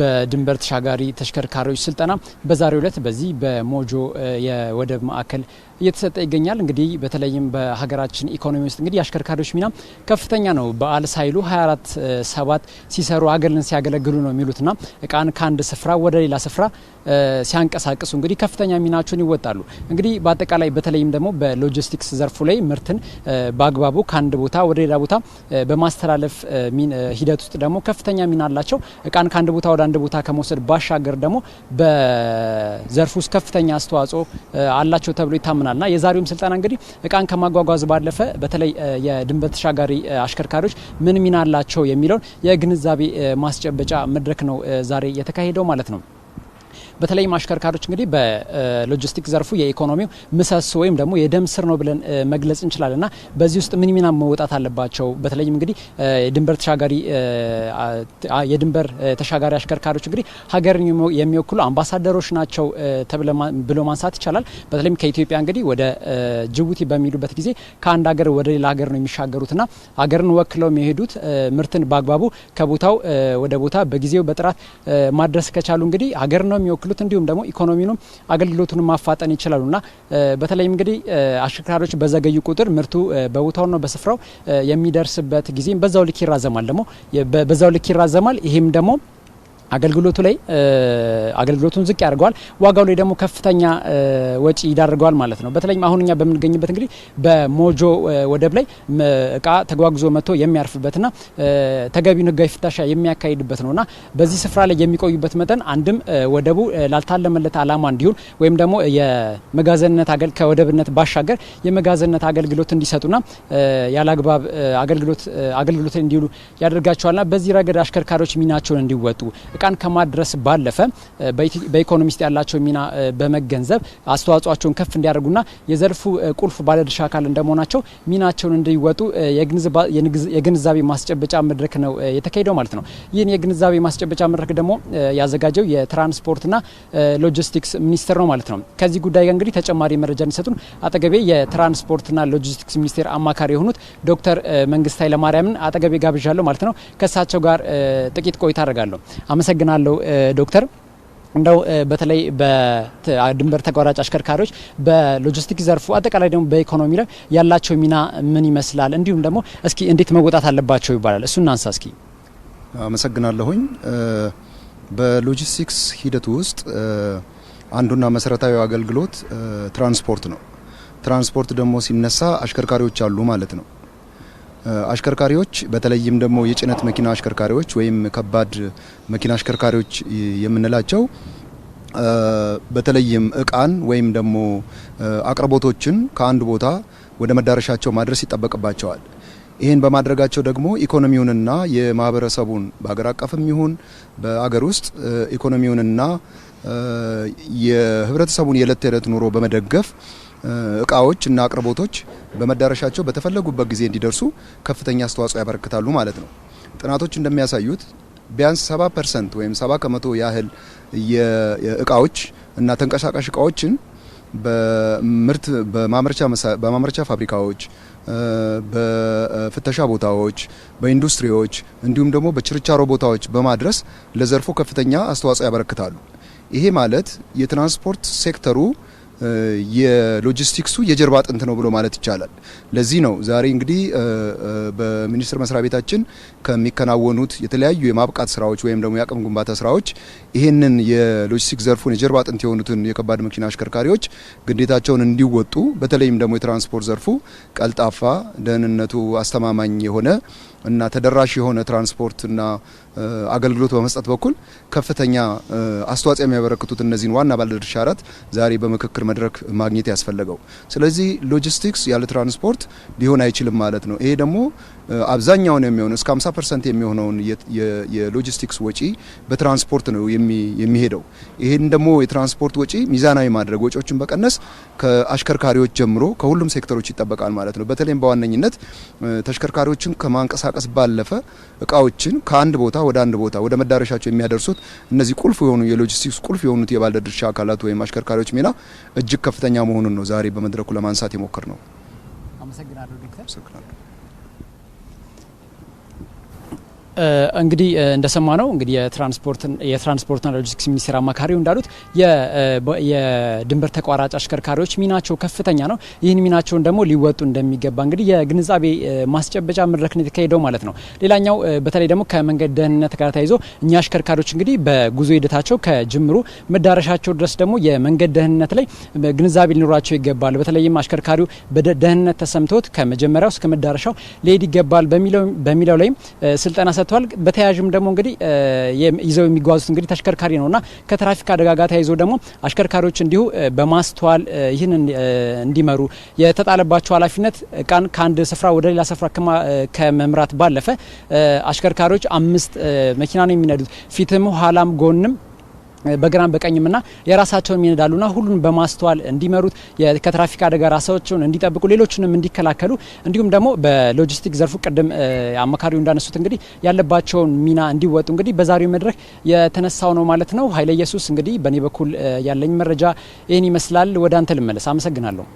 በድንበር ተሻጋሪ ተሽከርካሪዎች ስልጠና በዛሬው ዕለት በዚህ በሞጆ የወደብ ማዕከል እየተሰጠ ይገኛል። እንግዲህ በተለይም በሀገራችን ኢኮኖሚ ውስጥ እንግዲህ የአሽከርካሪዎች ሚና ከፍተኛ ነው። በዓል ሳይሉ 24 ሰባት ሲሰሩ ሀገርን ሲያገለግሉ ነው የሚሉትና እቃን ከአንድ ስፍራ ወደ ሌላ ስፍራ ሲያንቀሳቅሱ እንግዲህ ከፍተኛ ሚናቸውን ይወጣሉ። እንግዲህ በአጠቃላይ በተለይም ደግሞ በሎጂስቲክስ ዘርፉ ላይ ምርትን በአግባቡ ከአንድ ቦታ ወደ ሌላ ቦታ በማስተላለፍ ሂደት ውስጥ ደግሞ ከፍተኛ ሚና አላቸው። እቃን ከአንድ ቦታ ወደ ወደ አንድ ቦታ ከመውሰድ ባሻገር ደግሞ በዘርፍ ውስጥ ከፍተኛ አስተዋጽኦ አላቸው ተብሎ ና የዛሬውም ስልጠና እንግዲህ እቃን ከማጓጓዝ ባለፈ በተለይ የድንበር ተሻጋሪ አሽከርካሪዎች ምን ሚና አላቸው የሚለውን የግንዛቤ ማስጨበጫ መድረክ ነው ዛሬ የተካሄደው ማለት ነው። በተለይም አሽከርካሪዎች እንግዲህ በሎጂስቲክ ዘርፉ የኢኮኖሚው ምሰሶ ወይም ደግሞ የደም ስር ነው ብለን መግለጽ እንችላለን እና በዚህ ውስጥ ምን ሚና መውጣት አለባቸው? በተለይም እንግዲህ የድንበር ተሻጋሪ የድንበር ተሻጋሪ አሽከርካሪዎች እንግዲህ ሀገርን የሚወክሉ አምባሳደሮች ናቸው ብሎ ማንሳት ይቻላል። በተለይም ከኢትዮጵያ እንግዲህ ወደ ጅቡቲ በሚሄዱበት ጊዜ ከአንድ ሀገር ወደ ሌላ ሀገር ነው ና ሀገርን ወክለው የሚሄዱት ምርትን በአግባቡ ከቦታው ወደ ቦታ በጊዜው በጥራት ማድረስ ከቻሉ እንግዲህ ሀገር ነው የሚወክሉ የሚችሉት እንዲሁም ደግሞ ኢኮኖሚውንም አገልግሎቱንም ማፋጠን ና በተለይም እንግዲህ አሽከርካሪዎች በዘገዩ ቁጥር ምርቱ ነው በስፍራው የሚደርስበት ጊዜም በዛው ልክ ይራዘማል ደግሞ በዛው ልክ ይራዘማል። ይህም ደግሞ አገልግሎቱ ላይ አገልግሎቱን ዝቅ ያደርገዋል፣ ዋጋው ላይ ደግሞ ከፍተኛ ወጪ ይዳርገዋል ማለት ነው። በተለይም አሁን እኛ በምንገኝበት እንግዲህ በሞጆ ወደብ ላይ እቃ ተጓጉዞ መጥቶ የሚያርፍበትና ተገቢውን ሕጋዊ ፍተሻ የሚያካሂድበት ነውና በዚህ ስፍራ ላይ የሚቆዩበት መጠን አንድም ወደቡ ላልታለመለት ዓላማ እንዲሁን ወይም ደግሞ የመጋዘንነት ከወደብነት ባሻገር የመጋዘንነት አገልግሎት እንዲሰጡና ያለአግባብ አገልግሎት አገልግሎት እንዲውሉ ያደርጋቸዋልና በዚህ ረገድ አሽከርካሪዎች ሚናቸውን እንዲወጡ ምረቃን ከማድረስ ባለፈ በኢኮኖሚ ውስጥ ያላቸው ሚና በመገንዘብ አስተዋጽኦቸውን ከፍ እንዲያደርጉና የዘርፉ ቁልፍ ባለድርሻ አካል እንደመሆናቸው ሚናቸውን እንዲወጡ የግንዛቤ ማስጨበጫ መድረክ ነው የተካሄደው ማለት ነው። ይህን የግንዛቤ ማስጨበጫ መድረክ ደግሞ ያዘጋጀው የትራንስፖርትና ሎጂስቲክስ ሚኒስቴር ነው ማለት ነው። ከዚህ ጉዳይ ጋር እንግዲህ ተጨማሪ መረጃ እንዲሰጡን አጠገቤ የትራንስፖርትና ሎጂስቲክስ ሚኒስቴር አማካሪ የሆኑት ዶክተር መንግስት ኃይለማርያምን አጠገቤ ጋብዣለሁ ማለት ነው። ከእሳቸው ጋር ጥቂት ቆይታ አደርጋለሁ። አመሰግናለሁ ዶክተር። እንደው በተለይ በድንበር ተቋራጭ አሽከርካሪዎች በሎጂስቲክ ዘርፉ አጠቃላይ ደግሞ በኢኮኖሚ ላይ ያላቸው ሚና ምን ይመስላል፣ እንዲሁም ደግሞ እስኪ እንዴት መወጣት አለባቸው ይባላል። እሱን አንሳ እስኪ። አመሰግናለሁኝ። በሎጂስቲክስ ሂደት ውስጥ አንዱና መሰረታዊ አገልግሎት ትራንስፖርት ነው። ትራንስፖርት ደግሞ ሲነሳ አሽከርካሪዎች አሉ ማለት ነው። አሽከርካሪዎች በተለይም ደግሞ የጭነት መኪና አሽከርካሪዎች ወይም ከባድ መኪና አሽከርካሪዎች የምንላቸው በተለይም እቃን ወይም ደግሞ አቅርቦቶችን ከአንድ ቦታ ወደ መዳረሻቸው ማድረስ ይጠበቅባቸዋል። ይህን በማድረጋቸው ደግሞ ኢኮኖሚውንና የማህበረሰቡን በሀገር አቀፍም ይሁን በአገር ውስጥ ኢኮኖሚውንና የህብረተሰቡን የዕለት ተዕለት ኑሮ በመደገፍ እቃዎች እና አቅርቦቶች በመዳረሻቸው በተፈለጉበት ጊዜ እንዲደርሱ ከፍተኛ አስተዋጽኦ ያበረክታሉ ማለት ነው። ጥናቶች እንደሚያሳዩት ቢያንስ 70 ፐርሰንት ወይም 70 ከመቶ ያህል እቃዎች እና ተንቀሳቃሽ እቃዎችን በምርት በማምረቻ ፋብሪካዎች፣ በፍተሻ ቦታዎች፣ በኢንዱስትሪዎች እንዲሁም ደግሞ በችርቻሮ ቦታዎች በማድረስ ለዘርፉ ከፍተኛ አስተዋጽኦ ያበረክታሉ። ይሄ ማለት የትራንስፖርት ሴክተሩ የሎጂስቲክሱ የጀርባ አጥንት ነው ብሎ ማለት ይቻላል። ለዚህ ነው ዛሬ እንግዲህ በሚኒስቴር መስሪያ ቤታችን ከሚከናወኑት የተለያዩ የማብቃት ስራዎች ወይም ደግሞ የአቅም ግንባታ ስራዎች ይህንን የሎጂስቲክ ዘርፉን የጀርባ አጥንት የሆኑትን የከባድ መኪና አሽከርካሪዎች ግዴታቸውን እንዲወጡ በተለይም ደግሞ የትራንስፖርት ዘርፉ ቀልጣፋ፣ ደህንነቱ አስተማማኝ የሆነ እና ተደራሽ የሆነ ትራንስፖርትና አገልግሎት በመስጠት በኩል ከፍተኛ አስተዋጽኦ የሚያበረክቱት እነዚህን ዋና ባለድርሻ አራት ዛሬ በምክክር መድረክ ማግኘት ያስፈለገው። ስለዚህ ሎጂስቲክስ ያለ ትራንስፖርት ሊሆን አይችልም ማለት ነው። ይሄ ደግሞ አብዛኛውን የሚሆነው እስከ 50 ፐርሰንት የሚሆነውን የሎጂስቲክስ ወጪ በትራንስፖርት ነው የሚሄደው። ይህን ደግሞ የትራንስፖርት ወጪ ሚዛናዊ ማድረግ ወጪዎችን በቀነስ ከአሽከርካሪዎች ጀምሮ ከሁሉም ሴክተሮች ይጠበቃል ማለት ነው። በተለይም በዋነኝነት ተሽከርካሪዎችን ከማንቀሳቀስ ከማንቀሳቀስ ባለፈ እቃዎችን ከአንድ ቦታ ወደ አንድ ቦታ ወደ መዳረሻቸው የሚያደርሱት እነዚህ ቁልፍ የሆኑ የሎጂስቲክስ ቁልፍ የሆኑት ድርሻ አካላት ወይም አሽከርካሪዎች ሚና እጅግ ከፍተኛ መሆኑን ነው ዛሬ በመድረኩ ለማንሳት የሞከር ነው። አመሰግናለሁ ዶክተር። እንግዲህ እንደሰማ ነው እንግዲህ የትራንስፖርትና ሎጂስቲክስ ሚኒስቴር አማካሪው እንዳሉት የድንበር ተቋራጭ አሽከርካሪዎች ሚናቸው ከፍተኛ ነው። ይህን ሚናቸውን ደግሞ ሊወጡ እንደሚገባ እንግዲህ የግንዛቤ ማስጨበጫ መድረክ ነው የተካሄደው ማለት ነው። ሌላኛው በተለይ ደግሞ ከመንገድ ደህንነት ጋር ተያይዞ እኛ አሽከርካሪዎች እንግዲህ በጉዞ ሂደታቸው ከጅምሩ መዳረሻቸው ድረስ ደግሞ የመንገድ ደህንነት ላይ ግንዛቤ ሊኖራቸው ይገባል። በተለይም አሽከርካሪው ደህንነት ተሰምቶት ከመጀመሪያው እስከ መዳረሻው ሊሄድ ይገባል በሚለው ላይም ስልጠና ሰጥቷል። በተያያዥም ደግሞ እንግዲህ ይዘው የሚጓዙት እንግዲህ ተሽከርካሪ እና ከትራፊክ አደጋ ጋር ተያይዞ ደግሞ አሽከርካሪዎች እንዲሁ በማስተዋል ይህን እንዲመሩ የተጣለባቸው ኃላፊነት እቃን ከአንድ ስፍራ ወደ ሌላ ስፍራ ከመምራት ባለፈ አሽከርካሪዎች አምስት መኪና ነው የሚነዱት ፊትም ኋላም ጎንም በግራም በቀኝም ና የራሳቸውን ሚና ሁሉን በማስተዋል እንዲመሩት ከትራፊክ አደጋ ራሳቸውን እንዲጠብቁ ሌሎችንም እንዲከላከሉ እንዲሁም ደግሞ በሎጂስቲክ ዘርፉ ቅድም አማካሪው እንዳነሱት እንግዲህ ያለባቸውን ሚና እንዲወጡ እንግዲህ በዛሬው መድረክ የተነሳው ነው ማለት ነው። ኃይለ ኢየሱስ እንግዲህ በእኔ በኩል ያለኝ መረጃ ይህን ይመስላል። ወደ አንተ ልመለስ። አመሰግናለሁ።